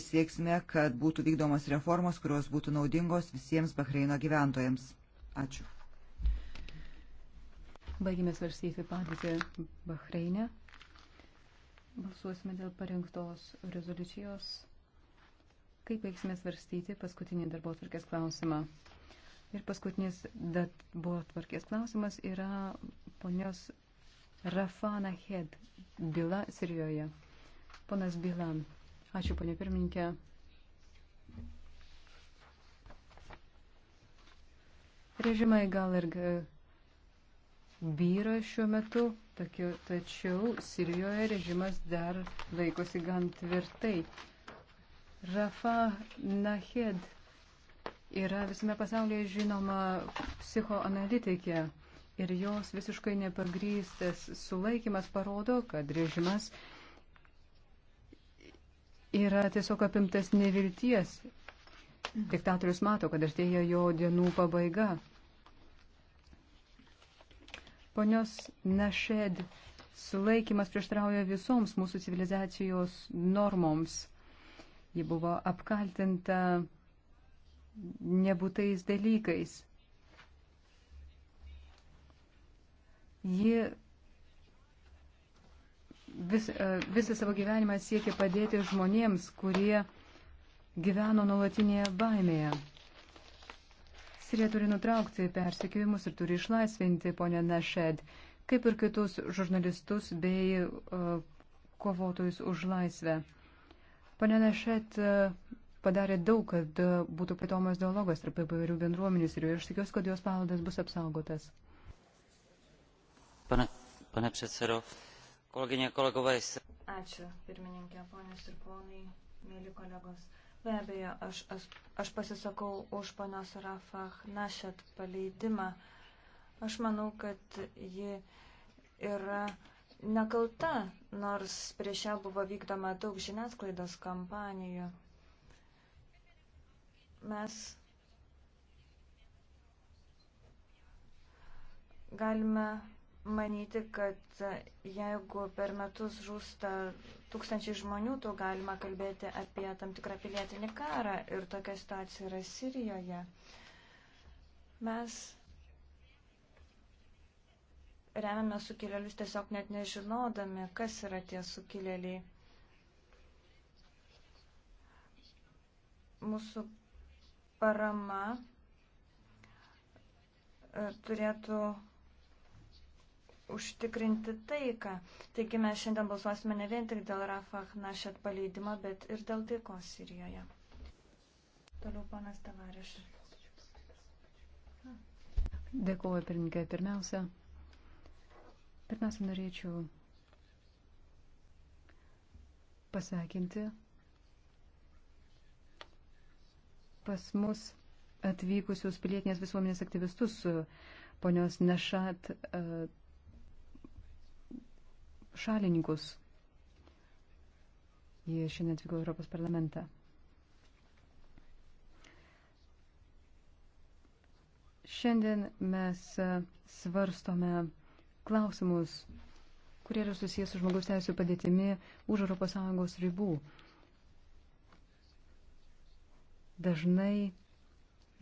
sieksime, kad būtų vykdomos reformos, kurios būtų naudingos visiems Bahreino gyventojams. Ačiū. Baigime svarstyti padėtį Bahreinę. Balsuosime dėl parengtos rezoliucijos. Kaip veiksime svarstyti paskutinį darbo atvarkės klausimą? Ir paskutinis darbo atvarkės klausimas yra ponios Rafana Hed byla Sirijoje. Ponas Bilan. Ačiū, ponė pirmininkė. Režimai gal ir vyra e, šiuo metu, tačiau, tačiau Sirijoje režimas dar laikosi gan tvirtai. Rafa Nahed yra visame pasaulyje žinoma psichoanalitikė ir jos visiškai nepagrystas sulaikimas parodo, kad režimas yra tiesiog apimtas nevilties. Diktatorius mato, kad artėja jo dienų pabaiga. Ponios Našed sulaikimas prieštrauja visoms mūsų civilizacijos normoms. Ji buvo apkaltinta nebūtais dalykais. Ji vis, e, visą savo gyvenimą siekė padėti žmonėms, kurie gyveno nuolatinėje baimėje. Sirija turi nutraukti persekiojimus ir turi išlaisvinti ponę Našed, kaip ir kitus žurnalistus bei uh, kovotojus už laisvę. Pane Našed uh, e, padarė daug, kad uh, būtų plėtomas dialogas tarp įvairių bendruomenių ir aš tikiuosi, kad jos paveldas bus apsaugotas. Pane, pane předsedo, kolegyně, kolegové. Ačiū, pirmininkė, ponios ir ponai, mėly kolegos. Be abejo, aš, aš, aš pasisakau už ponios Rafah Našet paleidimą. Aš manau, kad ji yra nekalta, nors prieš ją buvo vykdoma daug žiniasklaidos kampanijų. Mes galime manyti, kad jeigu per metus žūsta tūkstančiai žmonių, to galima kalbėti apie tam tikrą pilietinį karą ir tokia situacija yra Sirijoje. Mes remiame sukilėlius tiesiog net nežinodami, kas yra tie sukilėliai. Mūsų parama e, turėtų užtikrinti taiką. Taigi mes šiandien balsuosime ne vien tik dėl Rafah Našet paleidimo, bet ir dėl taikos Sirijoje. Toliau ponas Tavariš. Dėkuoju, pirmininkai. Pirmiausia, pirmiausia, norėčiau pasakinti. Pas mus atvykusius pilietinės visuomenės aktyvistus ponios Nešat šalininkus. Jie šiandien atvyko Europos parlamentą. Šiandien mes e, svarstome klausimus, kurie yra susijęs su žmogaus teisų padėtimi už ES ribų. Dažnai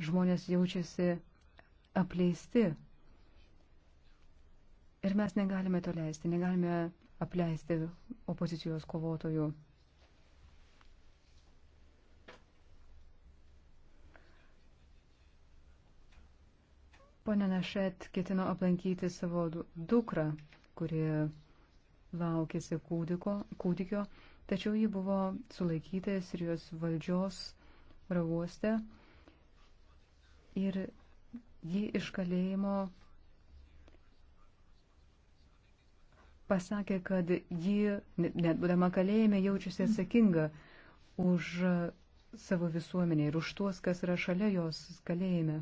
žmonės jaučiasi apleisti ir mes negalime to leisti, negalime apleisti opozicijos kovotojų. Pone Nešet ketino aplankyti savo dukrą, kuri laukėsi kūdiko, kūdikio, tačiau ji buvo sulaikyta Sirijos valdžios ravuoste ir ji iš kalėjimo pasakė, kad ji, net būdama kalėjime, jaučiasi mm. atsakinga už savo visuomenę ir už tuos, kas yra šalia jos kalėjime.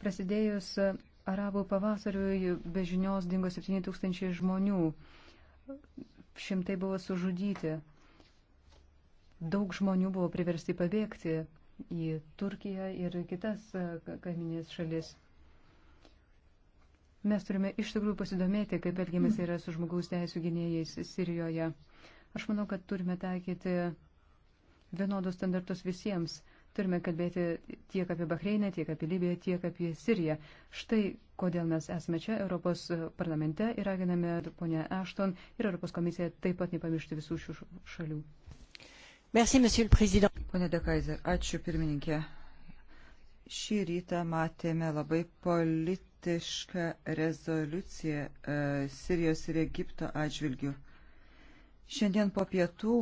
Prasidėjus arabų pavasariui be žinios dingo 7000 žmonių, šimtai buvo sužudyti, daug žmonių buvo priversti pabėgti į Turkiją ir kitas kaiminės šalis. Mes turime iš tikrųjų pasidomėti, kaip elgiamas mm. yra su žmogaus teisų gynėjais Sirijoje. Aš manau, kad turime taikyti vienodus standartus visiems. Turime kalbėti tiek apie Bahreinę, tiek apie Libiją, tiek apie Siriją. Štai kodėl mes esame čia Europos parlamente ir raginame ponę Ashton ir Europos komisiją taip pat nepamiršti visų šių šalių. Merci, Pone Dekaiser, ačiū pirmininkė. Šį rytą matėme labai politinį identišką rezoliuciją e, Sirijos ir Egipto atžvilgių. Šiandien po pietų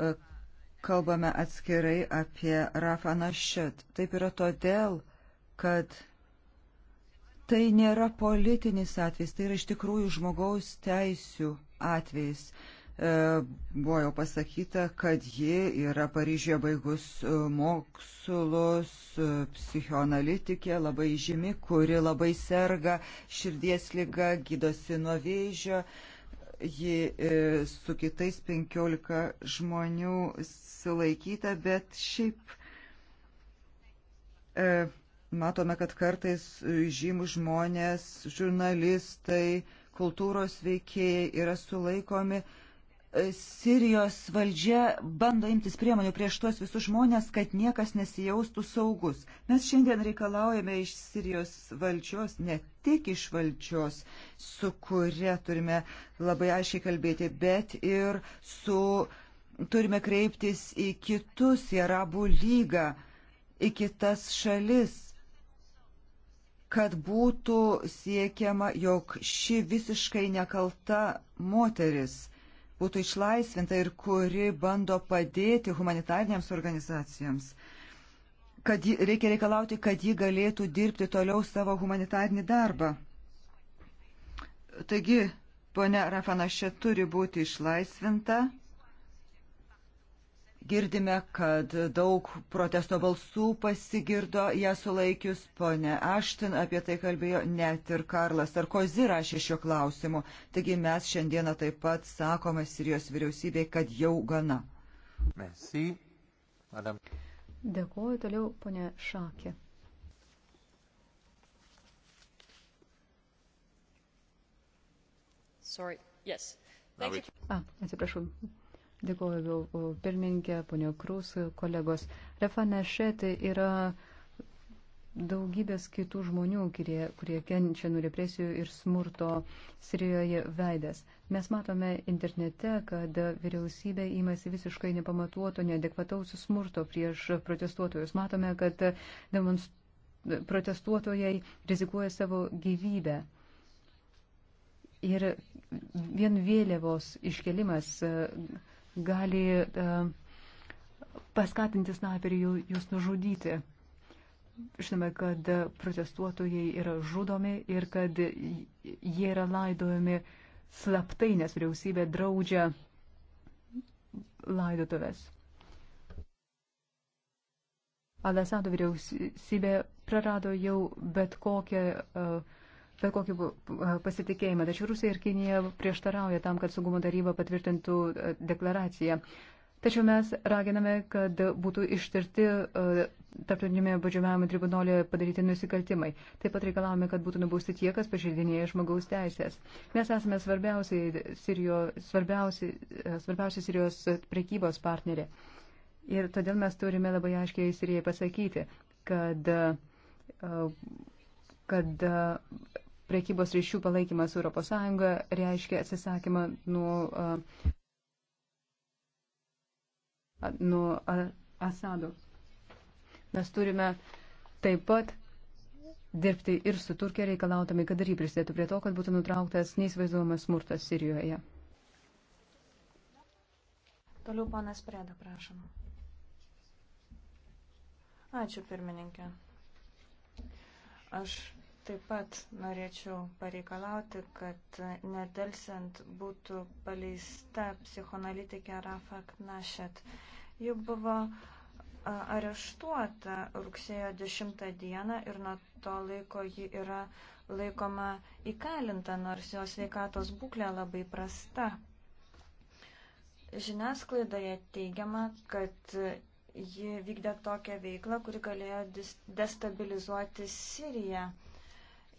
e, kalbame atskirai apie Rafa Našet. Taip yra todėl, kad tai nėra politinis atvejs, tai yra iš tikrųjų žmogaus teisių atvejs. E, buvo jau pasakyta, kad ji yra Paryžioje baigus e, mokslus, e, psichoanalitikė, labai žymi, kuri labai serga širdies lyga, gydosi nuo vėžio. Ji su kitais 15 žmonių sulaikyta, bet šiaip e, matome, kad kartais žymų žmonės, žurnalistai, kultūros veikėjai yra sulaikomi Sirijos valdžia bando imtis priemonių prieš tuos visus žmonės, kad niekas nesijaustų saugus. Mes šiandien reikalaujame iš Sirijos valdžios, ne tik iš valdžios, su kuria turime labai aiškiai kalbėti, bet ir su turime kreiptis į kitus, į Arabų lygą, į kitas šalis kad būtų siekiama, jog ši visiškai nekalta moteris būtų išlaisvinta ir kuri bando padėti humanitarniams organizacijams. Kad ji, reikia reikalauti, kad ji galėtų dirbti toliau savo humanitarnį darbą. Taigi, ponia Rafanašė turi būti išlaisvinta Girdime, kad daug protesto balsų pasigirdo ją sulaikius, ponė Aštin apie tai kalbėjo, net ir Karlas Sarkozy rašė šio klausimu. Taigi mes šiandieną taip pat sakome Sirijos vyriausybei, kad jau gana. Merci, madame. Dėkuoju toliau, ponė Šakė. Sorry, yes. A, ah, atsiprašau, Dėkuoju pirmininkė, ponio Krus, kolegos. Refane Šetai yra daugybės kitų žmonių, kurie, kurie kenčia nuo represijų ir smurto Sirijoje veidas. Mes matome internete, kad vyriausybė įmasi visiškai nepamatuoto, neadekvataus smurto prieš protestuotojus. Matome, kad demonst... protestuotojai rizikuoja savo gyvybę. Ir vien vėliavos iškelimas uh, gali e, paskatinti sniperį jūs nužudyti. Žinome, kad protestuotojai yra žudomi ir kad jie yra laidojami slaptai, nes vyriausybė draudžia laidotuvės. Alasado vyriausybė prarado jau bet kokią uh, per kokį pasitikėjimą. Tačiau Rusija ir Kinija prieštarauja tam, kad saugumo taryba patvirtintų deklaraciją. Tačiau mes raginame, kad būtų ištirti tarptautinėme baudžiamajame tribunolė padaryti nusikaltimai. Taip pat reikalavome, kad būtų nubausti tie, kas pažeidinėja žmogaus teisės. Mes esame svarbiausiai Sirijo, svarbiausiai, svarbiausiai Sirijos prekybos partnerė. Ir todėl mes turime labai aiškiai Sirijai pasakyti, kad, kad prekybos ryšių palaikymas ES reiškia atsisakymą nuo, uh, nuo uh, Asado. Mes turime taip pat dirbti ir su Turkija reikalautami, kad ir jį prisidėtų prie to, kad būtų nutrauktas neįsivaizduojamas smurtas Sirijoje. Toliau panas Preda, prašom. Ačiū pirmininkė. Aš Taip pat norėčiau pareikalauti, kad nedelsiant būtų paleista psichoanalitikė Rafa Knašet. Ji buvo areštuota rugsėjo 10 dieną ir nuo to laiko ji yra laikoma įkalinta, nors jos veikatos būklė labai prasta. Žiniasklaidoje teigiama, kad ji vykdė tokią veiklą, kuri galėjo destabilizuoti Siriją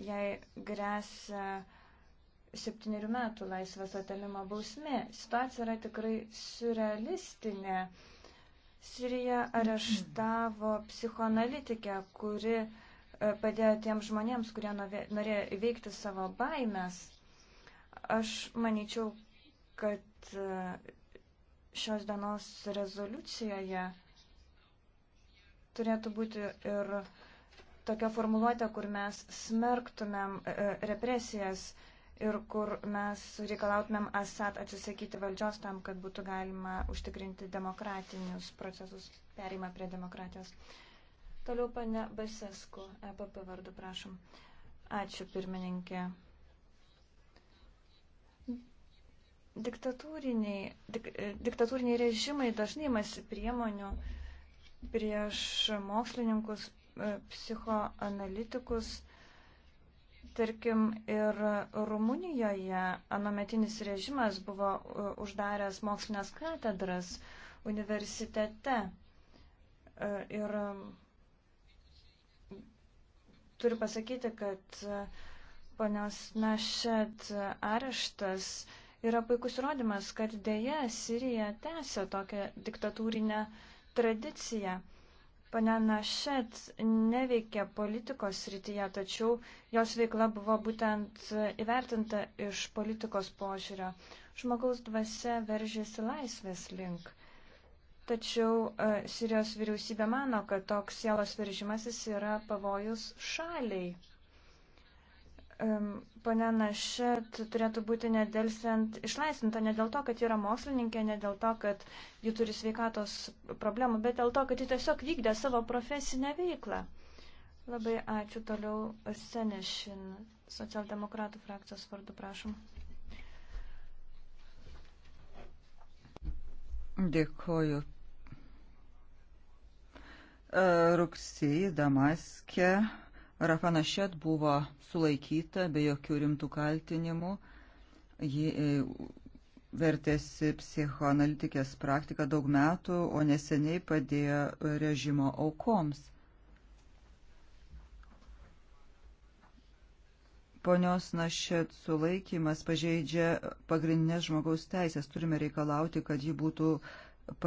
jai grėsia septyniarių metų laisvės atėmimo bausmė. Situacija yra tikrai surrealistinė. Sirija areštavo psichoanalitikę, kuri e, padėjo tiems žmonėms, kurie norėjo įveikti savo baimės. Aš manyčiau, kad e, šios dienos rezoliucijoje turėtų būti ir tokia formuluotė, kur mes smerktumėm e, e, represijas ir kur mes reikalautumėm Assad atsisakyti valdžios tam, kad būtų galima užtikrinti demokratinius procesus, perima prie demokratijos. Toliau pane Basesku, EPP vardu, prašom. Ačiū, pirmininkė. Diktatūriniai, dik, e, diktatūriniai režimai dažnai masi priemonių prieš mokslininkus, E, psichoanalitikus. Tarkim, ir Rumunijoje anometinis režimas buvo e, uždaręs mokslinės katedras universitete. E, ir turiu pasakyti, kad ponios Našet areštas yra puikus įrodymas, kad dėja Sirija tęsia tokią diktatūrinę tradiciją. Pane Našet neveikė politikos srityje, tačiau jos veikla buvo būtent įvertinta iš politikos požiūrio. Žmogaus dvasia veržėsi laisvės link. Tačiau e, Sirijos vyriausybė mano, kad toks sielos veržimasis yra pavojus šaliai. Pane Našet turėtų būti nedelsiant išlaisvinta ne dėl to, kad yra mokslininkė, ne dėl to, kad ji turi sveikatos problemų, bet dėl to, kad ji tiesiog vykdė savo profesinę veiklą. Labai ačiū toliau Senešin, socialdemokratų frakcijos vardu, prašom. Dėkoju. Rugsėjį Damaskė Rafanašet buvo sulaikyta be jokių rimtų kaltinimų. Ji e, vertėsi psichoanalitikės praktiką daug metų, o neseniai padėjo režimo aukoms. Ponios Našet sulaikymas pažeidžia pagrindinės žmogaus teisės. Turime reikalauti, kad ji būtų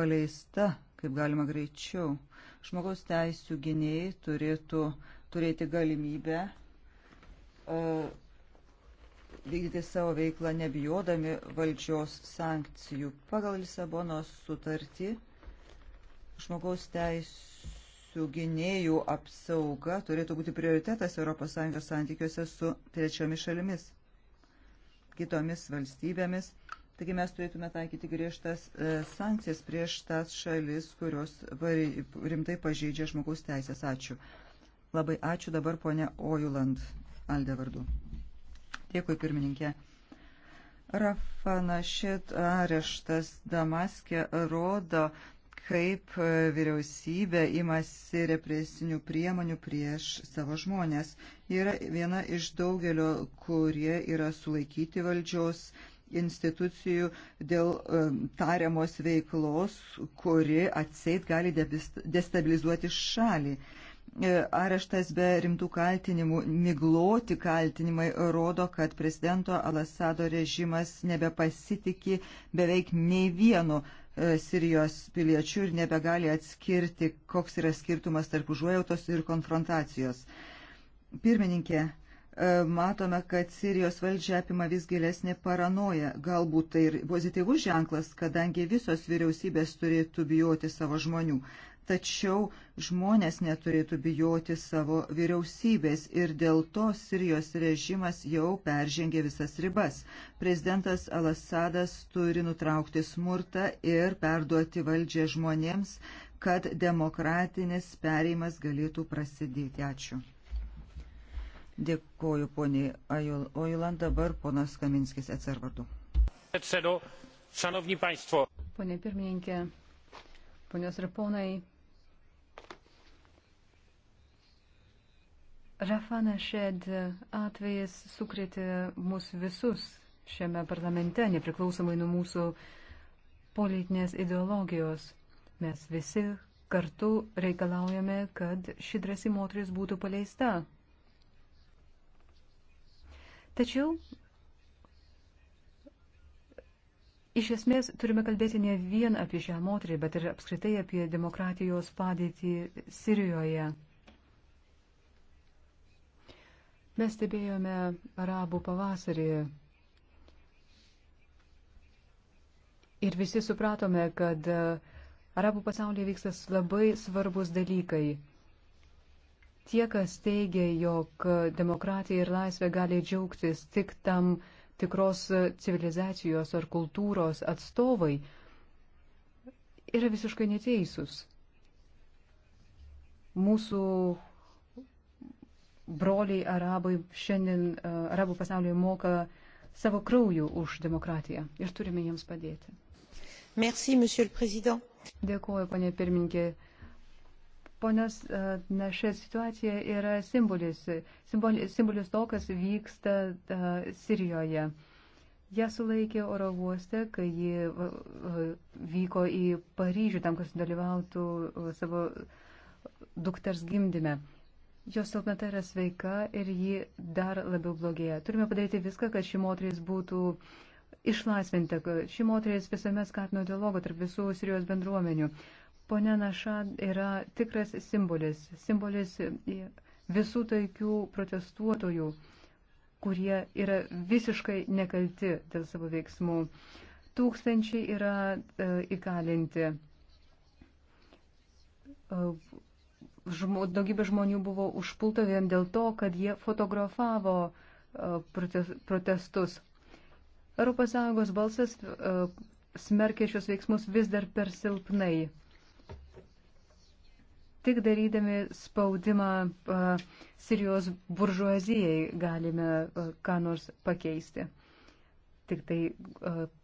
paleista, kaip galima greičiau. Žmogaus teisų gynėjai turėtų uh, turėti galimybę uh, vykdyti savo veiklą nebijodami valdžios sankcijų. Pagal Lisabonos sutartį žmogaus teisų gynėjų apsauga turėtų būti prioritetas ES santykiuose su trečiomis šalimis, kitomis valstybėmis. Taigi mes turėtume taikyti griežtas e, sankcijas prieš tas šalis, kurios rimtai pažeidžia žmogaus teisės. Ačiū. Labai ačiū dabar ponia Ojuland Alde vardu. Dėkui pirmininkė. Rafa Našit areštas Damaskė rodo, kaip vyriausybė imasi represinių priemonių prieš savo žmonės. Yra viena iš daugelio, kurie yra sulaikyti valdžios institucijų dėl tariamos veiklos, kuri atseit gali destabilizuoti šalį. E, areštas be rimtų kaltinimų, migloti kaltinimai rodo, kad prezidento Alasado režimas nebepasitikė beveik nei vienu e, Sirijos piliečių ir nebegali atskirti, koks yra skirtumas tarp užuojautos ir konfrontacijos. Pirmininkė, e, matome, kad Sirijos valdžia apima vis gilesnė paranoja. Galbūt tai ir pozityvus ženklas, kadangi visos vyriausybės turėtų bijoti savo žmonių tačiau žmonės neturėtų bijoti savo vyriausybės ir dėl to Sirijos režimas jau peržengė visas ribas. Prezidentas Alasadas turi nutraukti smurtą ir perduoti valdžią žmonėms, kad demokratinis pereimas galėtų prasidėti. Ačiū. Dėkoju poniai Oiland, dabar ponas Kaminskis atsarvardu. Pone pirmininkė, ponios ir ponai, Rafana Šed atvejas sukrėtė mus visus šiame parlamente, nepriklausomai nuo mūsų politinės ideologijos. Mes visi kartu reikalaujame, kad ši drasi moteris būtų paleista. Tačiau Iš esmės turime kalbėti ne vien apie šią moterį, bet ir apskritai apie demokratijos padėtį Sirijoje. Mes stebėjome arabų pavasarį ir visi supratome, kad e, arabų pasaulyje vyksta labai svarbus dalykai. Tie, kas teigia, jog e, demokratija ir laisvė gali džiaugtis tik tam tikros e, civilizacijos ar kultūros atstovai, yra visiškai neteisūs. Mūsų broliai arabai šiandien e, arabų pasaulyje moka savo krauju už demokratiją ir turime jiems padėti. Merci, monsieur le président. Dėkuoju, ponė pirmininkė. Ponios e, Našė situacija yra simbolis, simbolis, simbolis to, kas vyksta uh, Sirijoje. Ja sulaikė oro uoste, kai ji uh, vyko į Paryžių tam, kad sudalyvautų uh, savo dukters gimdyme. Uh, Jos silpnata yra sveika ir ji dar labiau blogėja. Turime padaryti viską, kad ši moteris būtų išlaisvinta. Ši moteris visuomet skatino dialogą tarp visų Sirijos bendruomenių. Pone Naša yra tikras simbolis, simbolis visų taikių protestuotojų, kurie yra visiškai nekalti dėl savo veiksmų. Tūkstančiai yra e, įkalinti. E, žmo, daugybė žmonių buvo užpulta vien dėl to, kad jie fotografavo e, protestus. ES balsas e, smerkia šios veiksmus vis dar per silpnai. Tik darydami spaudimą e, Sirijos buržuazijai galime ką nors pakeisti. Tik tai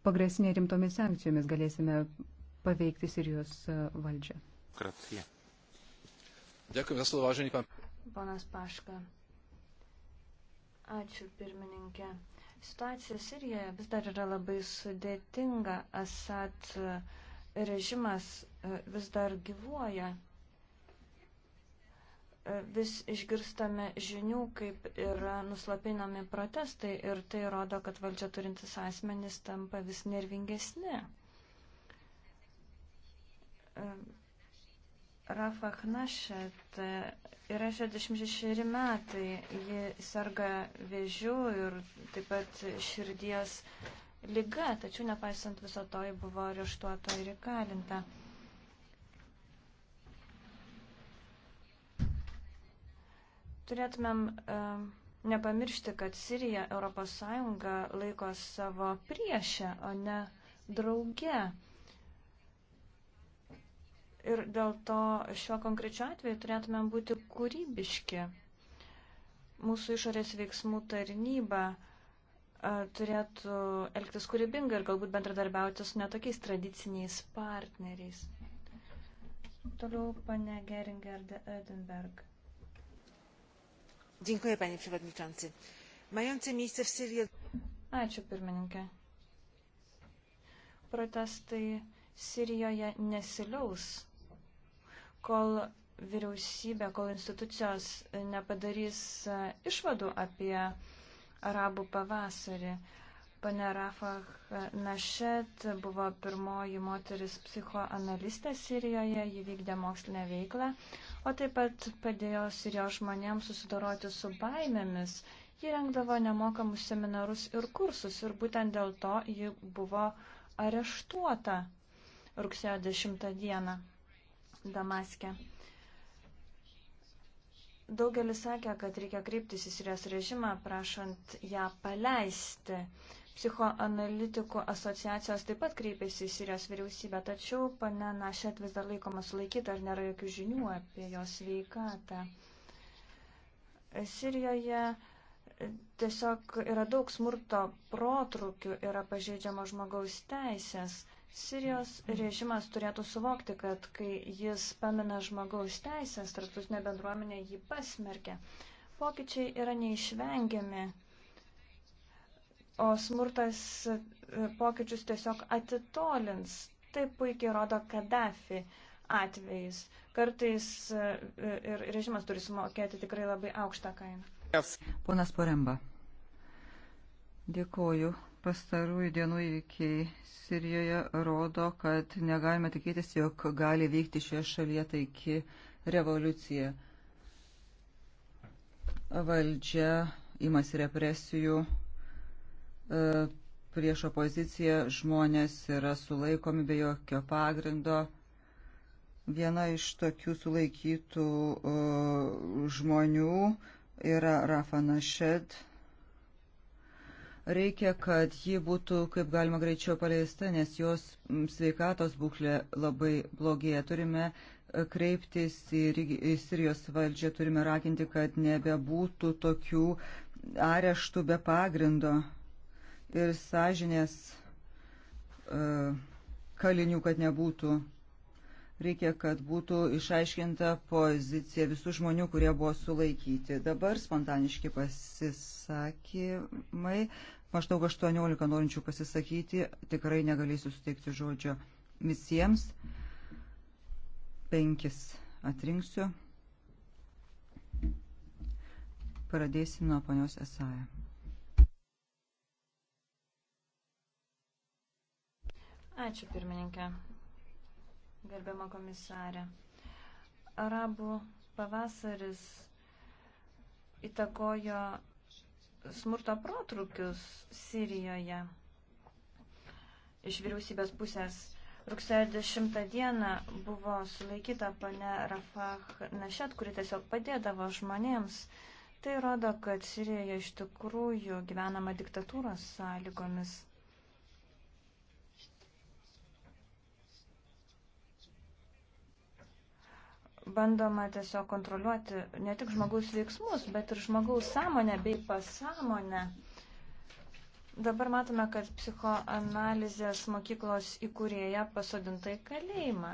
pagresinė rimtomis sankcijomis galėsime paveikti Sirijos valdžią. Grazie. Dėkui visą važinį. Ponas Paška. Ačiū pirmininkė. Situacija Sirijoje vis dar yra labai sudėtinga. Asad e, režimas e, vis dar gyvuoja. E, vis išgirstame žinių, kaip yra nuslapinami protestai ir tai rodo, kad valdžia turintis asmenys tampa vis nervingesni Rafa Knašet e, yra 66 metai, ji serga vėžių ir taip pat širdies lyga, tačiau nepaisant viso to, ji buvo areštuota ir įkalinta. Turėtumėm uh, nepamiršti, kad Sirija ES laiko savo priešę, o ne drauge. Ir dėl to šiuo konkrečiu atveju turėtume būti kūrybiški. Mūsų išorės veiksmų tarnyba turėtų elgtis kūrybingai ir galbūt bendradarbiauti su netokiais tradiciniais partneriais. Toliau pane Geringerde Edinburg. Dziękuję, panie przewodniczący. Mające miejsce w Syrii. Ačiū, pirmininkė. Protestai Sirijoje nesiliaus kol vyriausybė, kol institucijos nepadarys e, išvadų apie arabų pavasarį. Pane Rafah Našet buvo pirmoji moteris psichoanalistė Sirijoje, ji vykdė mokslinę veiklą, o taip pat padėjo Sirijos žmonėms susidoroti su baimėmis. Ji rengdavo nemokamus seminarus ir kursus ir būtent dėl to ji buvo areštuota rugsėjo 10 dieną. Damaske. Daugelis sakė, kad reikia kreiptis į Sirijos režimą, prašant ją paleisti. Psichoanalitikų asociacijos taip pat kreipėsi į Sirijos vyriausybę, tačiau pane Našet vis dar laikoma sulaikyta ir nėra jokių žinių apie jos veikatą. Sirijoje tiesiog yra daug smurto protrukių, yra pažeidžiama žmogaus teisės. Sirijos režimas turėtų suvokti, kad kai jis pamina žmogaus teisės, tarptautinė bendruomenė jį pasmerkia. Pokyčiai yra neišvengiami, o smurtas e, pokyčius tiesiog atitolins. Tai puikiai rodo Kadafi atvejais. Kartais e, e, ir režimas turi sumokėti tikrai labai aukštą kainą. Ponas Poremba, dėkoju. Pastarųjų dienų įvykiai Sirijoje rodo, kad negalime tikėtis, jog gali vykti šioje šalyje taiki revoliucija. Valdžia imasi represijų e, prieš opoziciją, žmonės yra sulaikomi be jokio pagrindo. Viena iš tokių sulaikytų e, žmonių yra Rafa Našed Reikia, kad ji būtų kaip galima greičiau paleista, nes jos sveikatos būklė labai blogėja. Turime e, kreiptis į, į Sirijos valdžią, turime raginti, kad nebebūtų tokių areštų be pagrindo ir sąžinės e, kalinių, kad nebūtų Reikia, kad būtų išaiškinta pozicija visų žmonių, kurie buvo sulaikyti. Dabar spontaniški pasisakymai. Maždaug 18 norinčių pasisakyti. Tikrai negalėsiu suteikti žodžio visiems. Penkis atrinksiu. Pradėsim nuo ponios Esaja. Ačiū pirmininkė gerbiama komisarė. Arabų pavasaris įtakojo smurto protrukius Sirijoje iš vyriausybės pusės. Rugsėjo 10 dieną buvo sulaikyta pane Rafah Nešet, kuri tiesiog padėdavo žmonėms. Tai rodo, kad Sirijoje iš tikrųjų gyvenama diktatūros sąlygomis. bandoma tiesiog kontroliuoti ne tik žmogaus veiksmus, bet ir žmogaus sąmonę bei pasąmonę. Dabar matome, kad psichoanalizės mokyklos įkūrėja pasodinta į kalėjimą.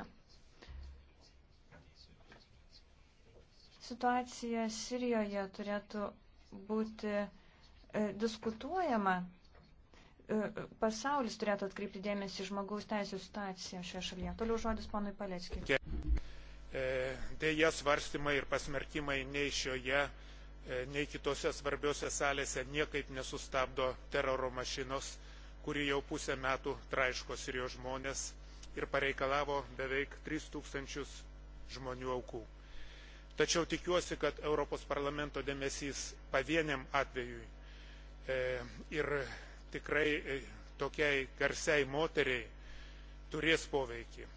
Situacija Sirijoje turėtų būti e, diskutuojama. E, e pasaulis turėtų atkreipti dėmesį žmogaus teisų situaciją šioje šalyje. Toliau žodis ponui Paleckiui dėja tai svarstymai ir pasmerkimai nei šioje, e, nei kitose svarbiose salėse niekaip nesustabdo teroro mašinos, kuri jau pusę metų traiško Sirijos žmonės ir pareikalavo beveik 3000 žmonių aukų. Tačiau tikiuosi, kad Europos parlamento dėmesys pavieniam atvejui e, ir tikrai e, tokiai garsiai moteriai turės poveikį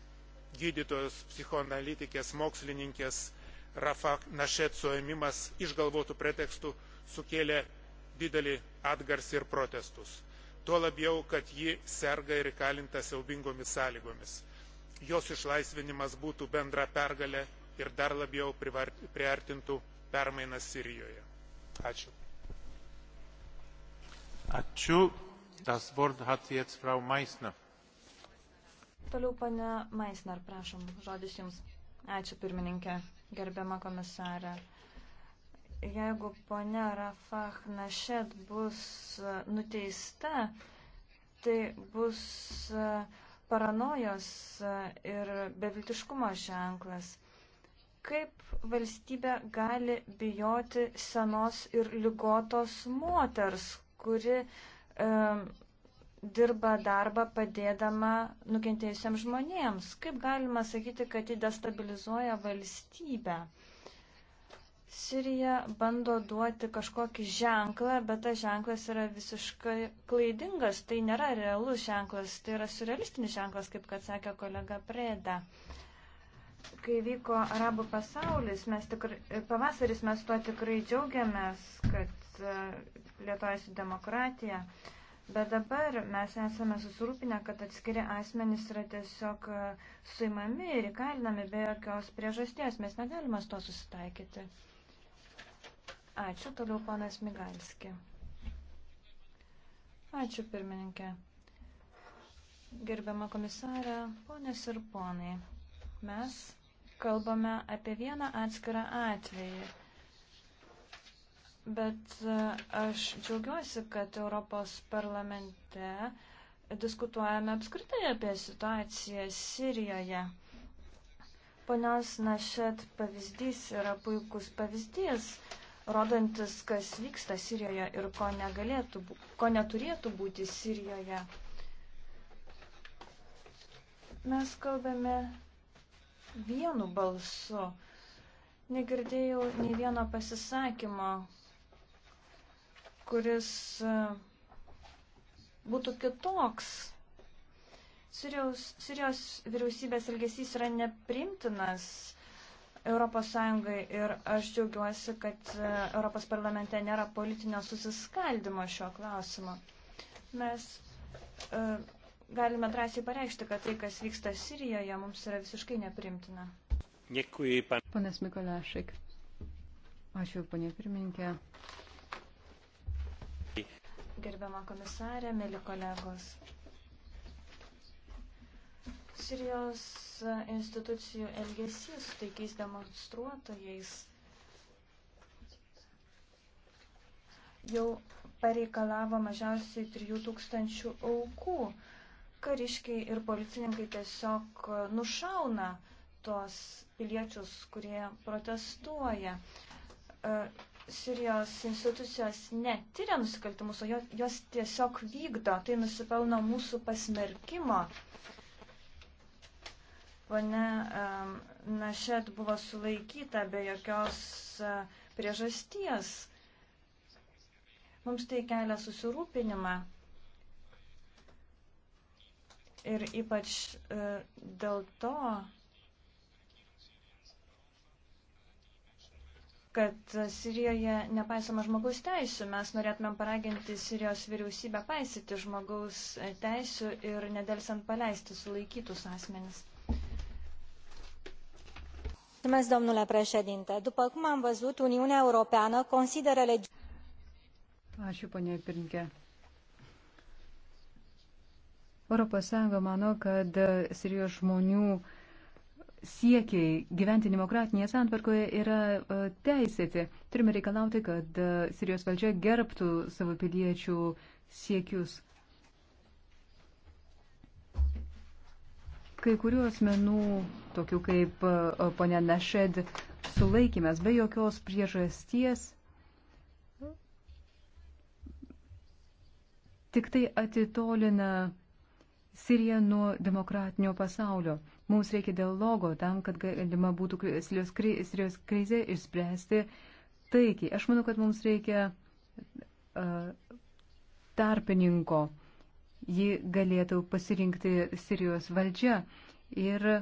gydytojos psichoanalitikės mokslininkės rafa našet suėmimas išgalvotų pretekstų sukėlė didelį atgarsį ir protestus tuo labiau kad ji serga ir įkalinta siaubingomis sąlygomis. jos išlaisvinimas būtų bendra pergalė ir dar labiau priartintų permainas sirijoje. ačiū. ačiū. das wort hat jetzt frau meissner. Toliau, pane Maisner, prašom, žodis Jums. Ačiū, pirmininkė, gerbiama komisarė. Jeigu ponia Rafah Našet bus e, nuteista, tai bus e, paranojos e, ir beviltiškumo ženklas kaip valstybė gali bijoti senos ir lygotos moters, kuri e, dirba darbą padėdama nukentėjusiems žmonėms. Kaip galima sakyti, kad jį destabilizuoja valstybę? Sirija bando duoti kažkokį ženklą, bet tas ženklas yra visiškai klaidingas. Tai nėra realus ženklas, tai yra surrealistinis ženklas, kaip kad sakė kolega Preda. Kai vyko arabų pasaulis, mes tikrai, pavasaris mes tuo tikrai džiaugiamės, kad e, plėtojasi demokratija. Uh, Bet dabar mes esame susirūpinę, kad atskiri asmenys yra tiesiog e, suimami ir įkalinami be jokios priežasties. Mes negalime su to susitaikyti. Ačiū, toliau ponas Migalski. Ačiū, pirmininkė. Gerbiama komisarė, ponės ir ponai, mes kalbame apie vieną atskirą atvejį Bet e, aš džiaugiuosi, kad Europos parlamente diskutuojame apskritai apie situaciją Sirijoje. Ponios Našet pavyzdys yra puikus pavyzdys, rodantis, kas vyksta Sirijoje ir ko, negalėtų, ko neturėtų būti Sirijoje. Mes kalbame vienu balsu. Negirdėjau nei vieno pasisakymo, kuris e, būtų kitoks. Sirijos, Sirijos vyriausybės elgesys yra neprimtinas ES ir aš džiaugiuosi, kad e, Europos parlamente nėra politinio susiskaldimo šio klausimo. Mes uh, galime drąsiai pareikšti, kad tai, kas vyksta Sirijoje, mums yra visiškai neprimtina. Dėkui, pan... Panas Mikolašik. Ačiū, panė pirmininkė gerbiama komisarė, mėly kolegos. Sirijos institucijų elgesys su taikiais demonstruotojais jau pareikalavo mažiausiai 3000 aukų. Kariškiai ir policininkai tiesiog nušauna tuos piliečius, kurie protestuoja. E, Sirijos institucijos netiria nusikaltimus, o jos tiesiog vykdo. Tai nusipelno mūsų pasmerkimo. Pone um, Našet buvo sulaikyta be jokios uh, priežasties. Mums tai kelia susirūpinimą. Ir ypač uh, dėl to, kad Sirijoje nepaisama žmogaus teisų. Mes norėtumėm paraginti Sirijos vyriausybę paisyti žmogaus teisų ir nedelsiant paleisti sulaikytus asmenis. După cum am văzut, Uniunea Europeană consideră Ačiū, ponė Pirinkė. Europos Sąjunga mano, kad Sirijos žmonių uh, siekiai gyventi demokratinėje santvarkoje yra e, teisėti. Turime reikalauti, kad e, Sirijos valdžia gerbtų savo piliečių siekius. Kai kurių asmenų, tokių kaip e, ponia Našed, sulaikimas be jokios priežasties tik tai atitolina Siriją nuo demokratinio pasaulio. Mums reikia dialogo tam, kad galima būtų Sirijos kri, krizę išspręsti taikiai. Aš manau, kad mums reikia uh, tarpininko. Ji galėtų pasirinkti Sirijos valdžia ir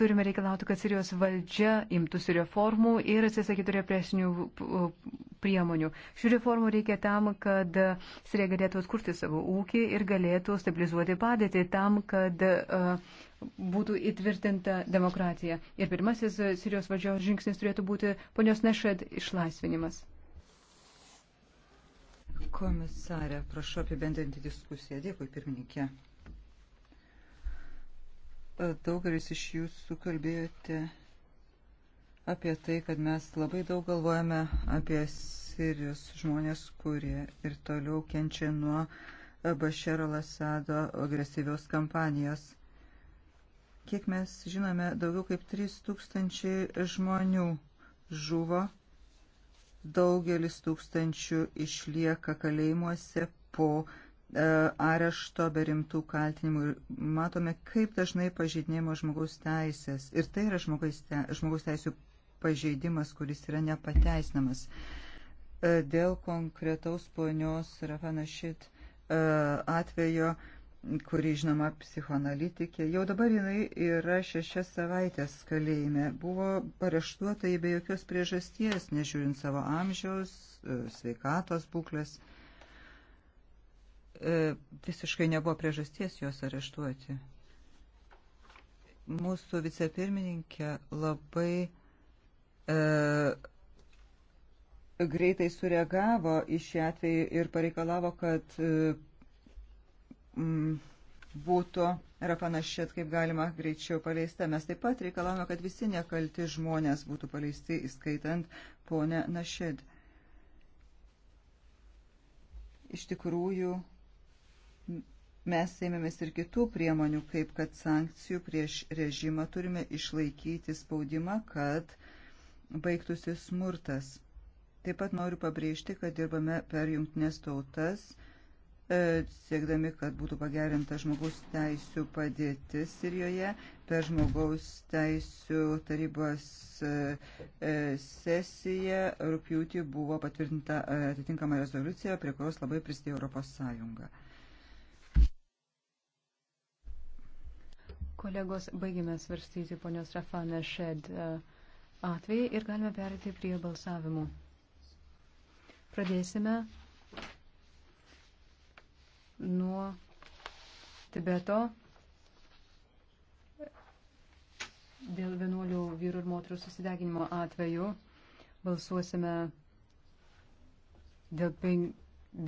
turime reikalauti, kad Sirijos valdžia imtųsi reformų ir atsisakytų represinių priemonių. Šių reformų reikia tam, kad Sirija galėtų atkurti savo ūkį ir galėtų stabilizuoti padėtį tam, kad e, būtų įtvirtinta demokratija. Ir pirmasis Sirijos valdžios žingsnis turėtų būti ponios Nešed išlaisvinimas. Komisarė, prašau apibendrinti diskusiją. Dėkui, pirmininkė. Daugelis iš jūsų kalbėjote apie tai, kad mes labai daug galvojame apie Sirijos žmonės, kurie ir toliau kenčia nuo Bašero Lasado agresyvios kampanijos. Kiek mes žinome, daugiau kaip 3000 žmonių žuvo, daugelis tūkstančių išlieka kalėjimuose po E, arešto be rimtų kaltinimų ir matome, kaip dažnai pažeidinėjimo žmogaus teisės. Ir tai yra žmogaus, te, žmogaus teisų pažeidimas, kuris yra nepateisinamas. E, dėl konkretaus ponios Rafana Šit e, atvejo, kuri žinoma psichoanalitikė, jau dabar jinai yra šešias savaitės kalėjime. Buvo areštuota į be jokios priežasties, nežiūrint savo amžiaus, sveikatos būklės. E, visiškai nebuvo priežasties juos areštuoti. Mūsų vicepirmininkė labai e, greitai sureagavo į šį atvejį ir pareikalavo, kad mm, būtų yra panašiai, kaip galima greičiau paleista. Mes taip pat reikalavome, kad visi nekalti žmonės būtų paleisti, įskaitant ponę Našed. Iš tikrųjų, Mes ėmėmės ir kitų priemonių, kaip kad sankcijų prieš režimą turime išlaikyti spaudimą, kad baigtųsi smurtas. Taip pat noriu pabrėžti, kad dirbame per jungtinės tautas, e, siekdami, kad būtų pagerinta žmogaus teisų padėtis Sirijoje, per žmogaus teisų tarybos e, e, sesiją rūpjūtį buvo patvirtinta atitinkama rezoliucija, prie kurios labai prisidėjo Europos Sąjunga. Kolegos, baigėme svarstyti ponios Rafana Šed e, atvejį ir galime perėti prie balsavimų. Pradėsime nuo Tibeto dėl vienuolių vyrų ir moterų susideginimo atveju. Balsuosime dėl penkių.